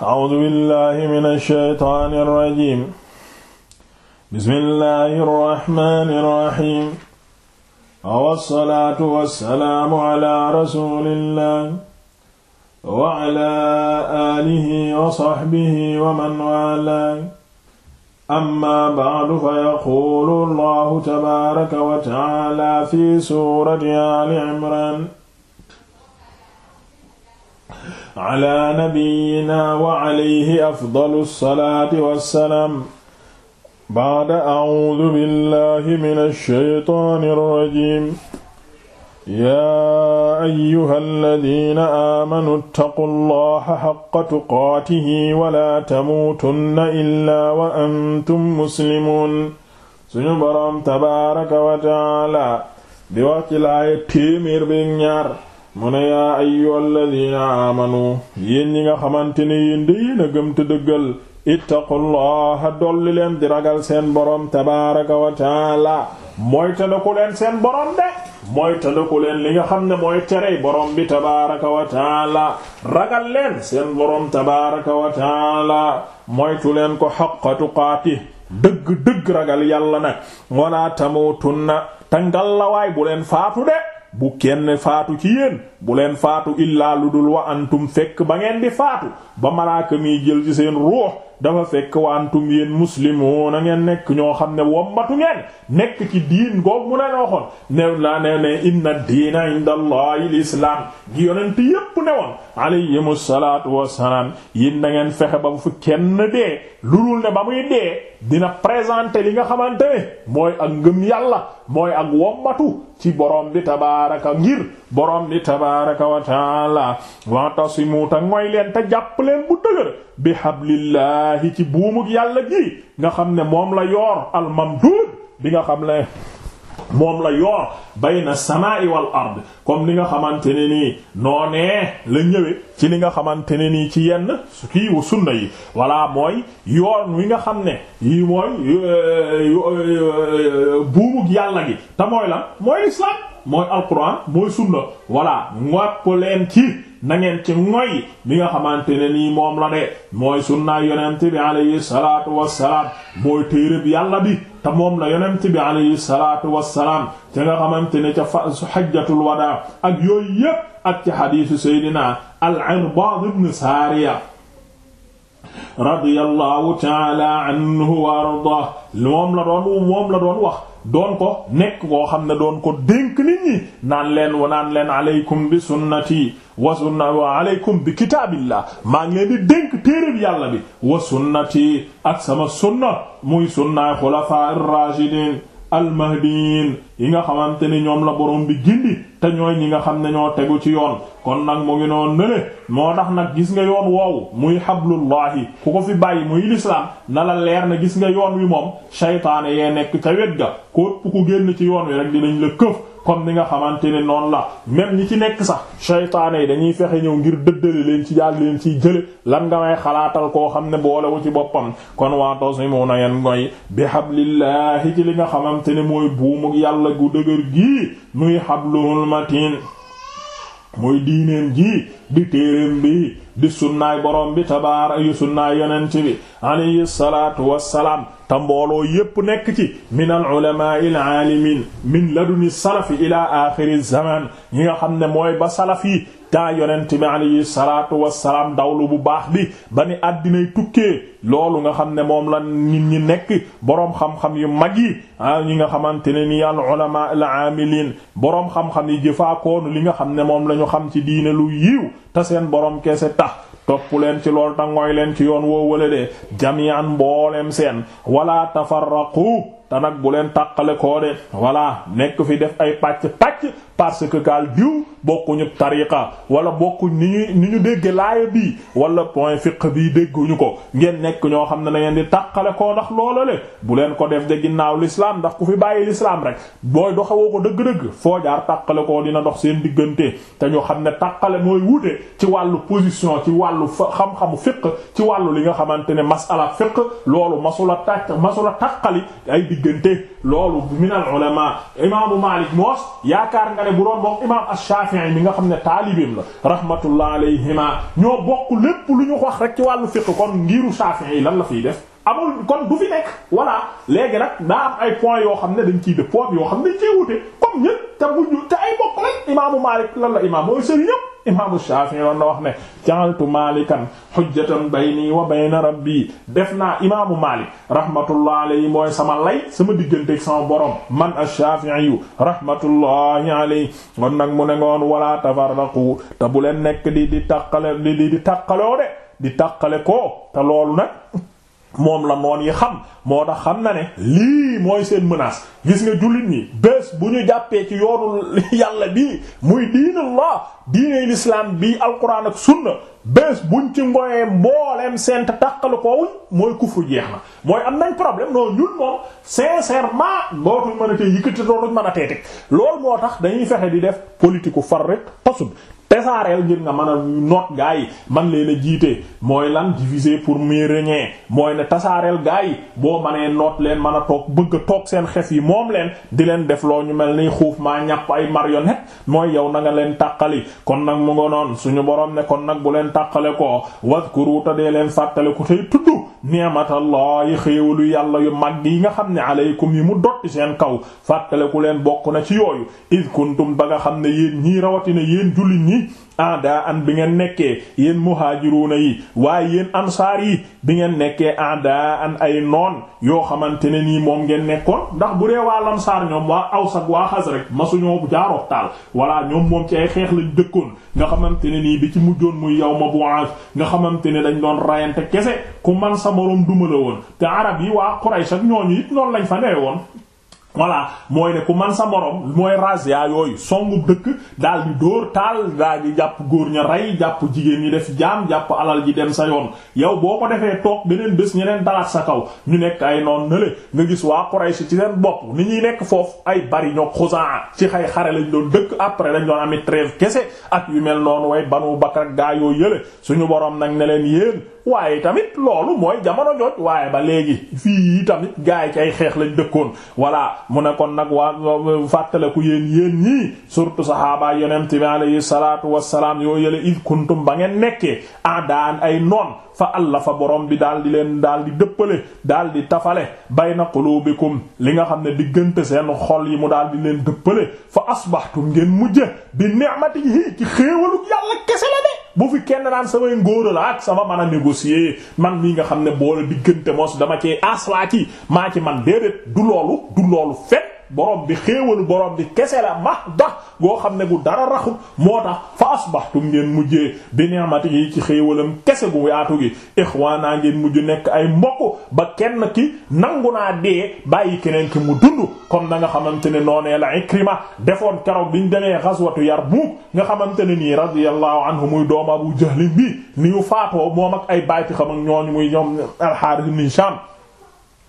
A'uuzu billaahi mina shaytaani rajiim. Bismillaahi rahmaani rahiim. Wa salaatu wa salaamu ala rasuulillaahi wa ala aalihi wa sahbihi wa man waalaahu. Amma ba'du fa yaquulu Allaahu tabaaraka wa ta'aalaa fi suurati Aali Imraan. ala nabiyyina wa alayhi afdalu salaati wassalaam ba'da a'uudu billahi mina shaytaani rajiim yaa ayyuhal ladiina aamanu ittaqullaha haqqa tuqaatihi wa laa tamuutunna illaa wa antum muslimuun suñu boroom tabaaraka wa ta'aala di wax ci laaya téeméer bi ñaar mu ne yaa ayyuhal ladina amanu yéen nga xamante ne yéen da yéen a gëm dolli leen di ragal seen borom tabaaraka wa taala mooy tëddaku leen seen boroom de mooy tëddaku leen li nga xam ne mooy terey boroom bi tabaaraka wa taala ragal leen seen boroom tabaaraka wa taala moytu leen ko haqqa tuqaati dëgg dëgg ragal yàlla nag walaa tamutunna tangal lawaay bu leen faatu de bu kenn faatu ci yéen bu leen faatu illaa lu dul wa antum fekk ba ngeen di faatu ba malaaka mi jël ci seen ruux dafa fekk waantum yéen muslimuuna ngeen nekk ñoo xam ne wommatu ngeen nekk ci diin googu mu ne waxoon ne laa ne ne inna diina inda allahi lislaam gi yonent yépp ne woon alayhimu salaatu wassalaam yéen da ngeen fexe ba bu fi kenn dee lulul ne ba muy dee dina présenter li nga xamante ne mooy ak ngëm yàlla mooy ak wommatu ci borom bi tabaaraka ngir borom bi tabaaraka wa taala wa'tasimu ta ngoy leen te jàpp leen bu dëgër bi hablillah billaahi ci buumug yàlla gi nga xam ne moom la yoor almamduud bi nga xam ne moom la yoor bayna samaa'i wal ard comme li nga xamante ne nii noonee la ñëwee ci li nga xamante ne nii ci yenn su kii wu sunna yi walla mooy yoon wi nga xam ne yi mooy euh, euh, euh, buumug yàlla gi te mooy lan mooy islam mooy alquran mooy sunna voilà ngopp leen ci na ngeen ci moy li nga xamante ne nii moom la de mooy sunnaay yonent bi alayhi salaatu wassalaam mooy téereb yàlla bi te moom la yonent bi alayhi salaatu wassalaam te nga xamante ne ca fa hajjatul wadaa ak yooyu yépp ak ci hadiisu al-Irbaad ibn Saariya radiyallahu ta'ala anhu wa ardaah moom moom la doon wax doon ko nekk koo xam ne doon ko dénk nit ñi naan leen wa naan leen aleykum bi sunnati wa sunna wa aleykum bi kitaabillah maa ngeen leen di dénk téereb yàlla bi wa sunnati ak sama sunna muy sunnaay xulafaa ar-raashidin almahdiin yi nga xamante ni ñoom la borom bi gindi te ñooy ñi nga xam ne ñoo tegu ci yoon kon nag mu ngi noon nële moo tax nag gis nga yoon woowu muy xablullaahi ku ko fi bàyyi muy lislaam na la leer na gis nga yoon wi moom saytaane yee nekk ca wet ga ko ku génn ci yoon wi rek dinañ la këf comme li nga xamante ne noonu la même ñi ci nekk sax seytaane yi dañuy fexe ñëw ngir dëddale leen ci daal leen ciy jële lan nga may xalaatal koo xam ne boolewu ci boppam kon waatosimu na ngeen ngoy bi hablillahi ci li nga xamante ne mooy buumu yàlla gu dëgër gii muy habluhul matin mooy diineen ji di téeréem bi di sunnaay borom bi tabaara yu sunnaay yonent bi alayhi salaatu wassalaam te mbooloo yépp nekk ci min al ulama al aalimin min laduni salafi ila axiri zaman ñi nga xam ne mooy ba salaf yi temps yonent bi alayhi salaatu wassalaam dawlu bu baax bi ba ni àddinay tukkee loolu nga xam ne moom la nit ñi nekk boroom xam-xam yu mag yi ah ñi nga xamante ne nii al ulama al amilin boroom xam-xam yi jëfaakoonu li nga xam ne moom la ñu xam ci diine lu yiw te seen boroom keese tax topp leen ci lool te ngooy leen ci yoon woo wala de jami'an mbooleem seen wala tafarraqu te nag bu leen tàqale koo de voilà nekk fi def ay pàcc pàcc parce que kaal diw bokkuñu tariqa wala bokkuñ ni ñu ni ñu dégg laaya bii wala point fiq bii dégguñu ko ngeen nekk ñoo xam ne da ngeen di tàqale koo ndax loola le bu leen ko def de ginnaaw lislaam ndax ku fi bàyyi l'islam rek booy doxewoo ko dëgg-dëgg foo jaar tàqale koo dina dox seen diggante te ñu xam ne tàqale mooy wuute ci wàllu position ci wàllu xam-xamu fiq ci wàllu li nga xamante ne masala fiq loolu masula tàq masula tàqali ay diggante loolu minal ulama imaamu Maalik Shafi'i mi nga xam ne taalibeem la rahmatullah alayhima ñoo bokk lépp lu ñu wax rek ci wàllu fiqh kon ngiru Shafi'i lan la fiy def amul kon du fi nekk voilà léegi nag daa am ay points yoo xam ne dañ ciy def points yoo xam ne dañ ciy wute comme la imaam mooy seen ñëpp. imaamu Shaafi'i doon na wax ne ja'altu Maalikan hujjatan bayni wa bayna rabbi def naa imaamu Maalik rahmatullah alayhi mooy sama lay sama diggante ak sama borom man ash-Shaafi'i rahmatullahi alayhi kon nag mu ne ngoon wala te bu leen nekk di di tàqale di di tàqaloo de di tàqale ko te loolu nag. moom la moon yi xam moo tax xam na ne lii mooy seen menace gis nga jullit ñi bés bu ñu jàppee ci yoonu yàlla bii muy diinallah diine l'islam bii alquran ak sunna bés buñ ci ngoyee mbooleem sent tàqalu koowuñ mooy kufru jeex na mooy am nañ problème non ñun moom sincèrement dootuñ mën a tee yëkkati dootuñ mën a tee teg loolu moo tax dañuy fexe di def politique u far tasut tasaareel ngir nga man a noot gaa yi man leen a jiite mooy lan diviser pour muy rëñee mooy ne tasaareel gaa yi boo mënee noot leen mën a toog bëgg a toog seen xef yi moom leen di leen def loo ñu mel ni xuuf maa ñàpp ay marionnette mooy yow na nga leen tàqali kon nag mu nga noon suñu borom ne kon nag bu leen tàqale ko wadkuru ta dee leen fàttale ko tey tudd ni'matallahi xéewalu yàlla yu mag yi nga xam ne alaykum yi mu dotti seen kaw fàttaleku leen bokk na ci yooyu id kuntum ba nga xam ne yéen ñii rawatina yéen juli ñi ada an bi ngeen nekkee yéen muhaajiruuna yi waaye yéen ansaar yi bi ngeen nekkee ada an ay noon yoo xamante ne nii moom ngeen nekkoon ndax bu dee waa lamsaar ñoom waa aws ak waa xasraj masuñoo jaarox taal voilà ñoom moom ci ay xeex lañ dëkkoon nga xamante ne nii bi ci mujjoon muy ma yawma bu'aas nga xamante ne dañ doon rayante kese ku man sa moroom duma la woon te arab yi waa Quraysh ak ñooñu it noonu lañ fa nee woon voilà mooy ne ku man sa morom mooy razzia yooyu songu dëkk daal di dóor taal daal di jàpp góor ña rey jàpp jigéen ñi def jaam jàpp alal ji dem sa yoon yow boo ko defee toog beneen bés ñeneen dalaat sa kaw ñu nekk ay noon nale nga gis waa Quraysh ci seen bopp ni ñuy nekk foofu ay bari ñoo Xuzaa ci xay xare lañ doon dëkk après dañ doon amit trêve kese ak yu mel noonu way Banu Bakr ak gaa yoo yële suñu borom nag ne leen yéen waaye tamit loolu mooy jamono jooj waaye ba léegi fii tamit gaa yi ci ay xeex lañ dëkkoon voilà mu ne kon nag waa fàttaleku yéen yéen ñii surtout sahaaba yonent bi alayhi salatu wasalaam yoo yële it kuntum ba ngeen nekkee ah daan ay noon fa Allah fa borom bi daal di leen daal di dëppale daal di tafale bayna qulubikum li nga xam ne diggante seen xol yi mu daal di leen dëppale fa asbahtum ngeen mujje bi ni'matihi ci xéewalu yàlla kese la de bu fi kenn naan samay ngóora la ak sama mën a négocier man mii nga xam ne boole diggante mos dama cee aslaa ci maa ci man déedéet du loolu du loolu fet borom bi xéewalu boroom bi kese la max dax goo xam ne bu dara raxut moo tax fa asbahtum ngeen mujjee bi ni'mati yi ci xéewalam kese gu yaatu gi ixwaana ngeen mujj nekk ay mbokk ba kenn ki nangu naa dee bàyyi keneen ki mu dund comme na nga xamante ne noonee la Ikrima defoon keroog biñ demee yar bu nga xamante ne nii radiyallahu anhu muy doomu Abu Jahl bi ni ñu faatoo moom ak ay bayti xam ñooñu muy ñoom al-Harith ibn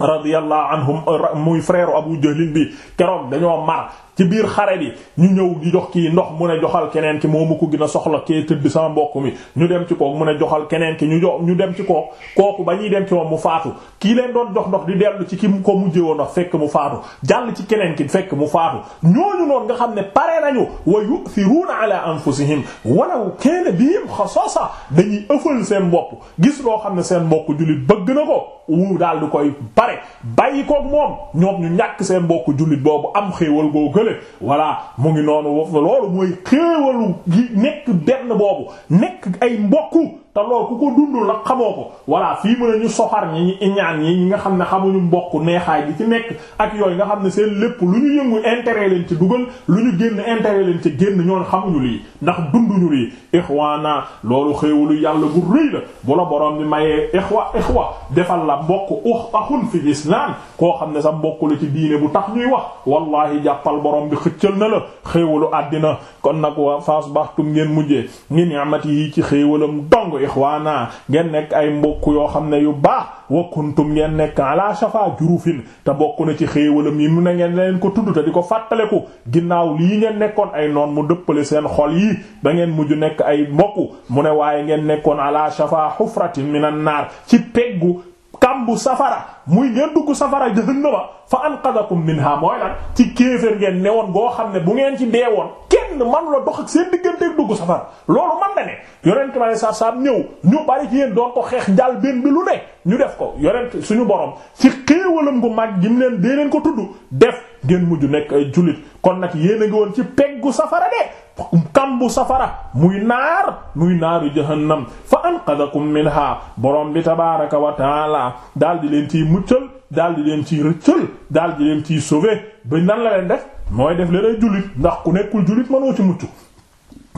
radiyallahu anhum muy frère Abu Jahl bi keroog dañoo mar ci biir xare bi ñu ñëw di jox ki ndox mu ne joxal keneen ki moo mu ko gën a soxla kee tëdd sama mbokk mi ñu dem ci kook mu ne joxal keneen ki ñu jox ñu dem ci kook kooku ba ñuy dem ci moom mu faatu kii leen doon jox ndox di dellu ci ki mu ko mujjee woon ndox fekk mu faatu jàll ci keneen ki fekk mu faatu ñooñu noonu nga xam ne pare nañu wa yu'thiruna ala anfusihim walaw kana bihim khasasa dañuy ëffal seen bopp gis loo xam ne seen mbokk jullit bëgg na ko wu daal di koy bare bàyyi koog moom ñoom ñu ñàkk seen mbokku jullit boobu am xéewal goo gële voilà mu ngi noonu loolu mooy xéewalu gi nekk benn boobu nekk ay mbokku te lool ko dund nag xamoo ko voilà fii mu ne ñu soxar ñi ñu iñaan ñi ñi nga xam ne xamuñu mbokk neexaay bi ci nekk ak yooyu nga xam ne seen lépp lu ñu yëngu intérêt leen ci dugal lu ñu génn intere leen ci génn ñoon xamuñu lii ndax dunduñu lii ixwaana loolu xéewalu yàlla bu rëy la bu la borom bi mayee ixwa ixwa defal la mbokk ux axun fi islam koo xam ne sa mbokk la ci diine bu tax ñuy wax wallahi jàppal borom bi xëccal na la xéewalu àddina kon nag wa fasbahtum ngeen mujjee ngi ni'mati yi ci xéewalam dong ixwaana ngeen nekk ay mbokk yoo xam ne yu baax wa kuntum ngeen nekk ala shafa jurufin te bokk na ci xéewalam yi mu ne ngeen leen ko tudd te di ko fàttaleku ginnaaw lii ngeen nekkoon ay noon mu dëppale seen xol yi ba ngeen mujj nekk ay mbokk mu ne waaye ngeen nekkoon ala shafa mi na naar ci peggu kambu safara muy ngeen dugg safara jahannama fa anqadakum minha mooy lan ci kéefër ngeen ne woon goo xam ne bu ngeen ci deewoon kenn man la dox ak seen digganteeg dugg safara loolu man na ne yonent ma ne sa saam ñëw ñu bari ci yéen doon ko xeex njaal benn bi lu ne ñu def ko yonent suñu borom ci xéewalam gu mag gi mu leen dee leen ko tudd def ngeen mujj nekk ay jullit kon nag yéen a ngi woon ci peggu safara de kambu safara muy naar muy naaru jahannam fa anqadakum minha borom bi tabaaraka wa taala daal di leen ciy muccal daal di leen ciy rëccal daal di leen ciy sauver ba nan la leen def mooy def leen ay jullit ndax ku nekkul jullit mënoo ci mucc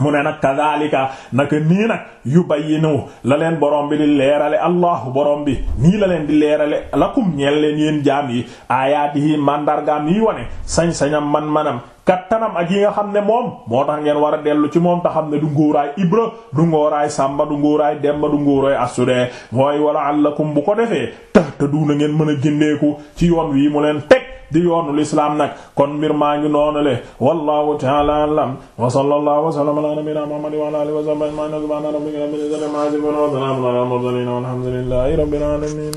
mu ne nag kadhalika naka nii nag yu bayyinu la leen borom bi di leerale allahu boroom bi nii la leen di leerale lakum ñeel leen yéen jaam yi aayaatihi mandargaam yi wane sañ-sañam man-manam kattanam ak yi nga xam ne moom moo tax ngeen war a dellu ci moom ta xam ne du ngóoraay ibra du ngóoraay sàmba du ngóoraay demba du ngóoraay assude mooy wala allakum bu ko defee tax te du na ngeen mën a géndeeku ci yoon wii mu leen teg di yoonu lislaam nag kon mbir maa ngi noonu le wallahu ta'ala a'lam wa sallallahu wa sallama ala nabiyyina muhammad wa ala alihi wa sahbihi ajma'in subhana rabbika rabbil izzati amma yasifun wa salamun ala al mursalin walhamdulillahi rabbil alamin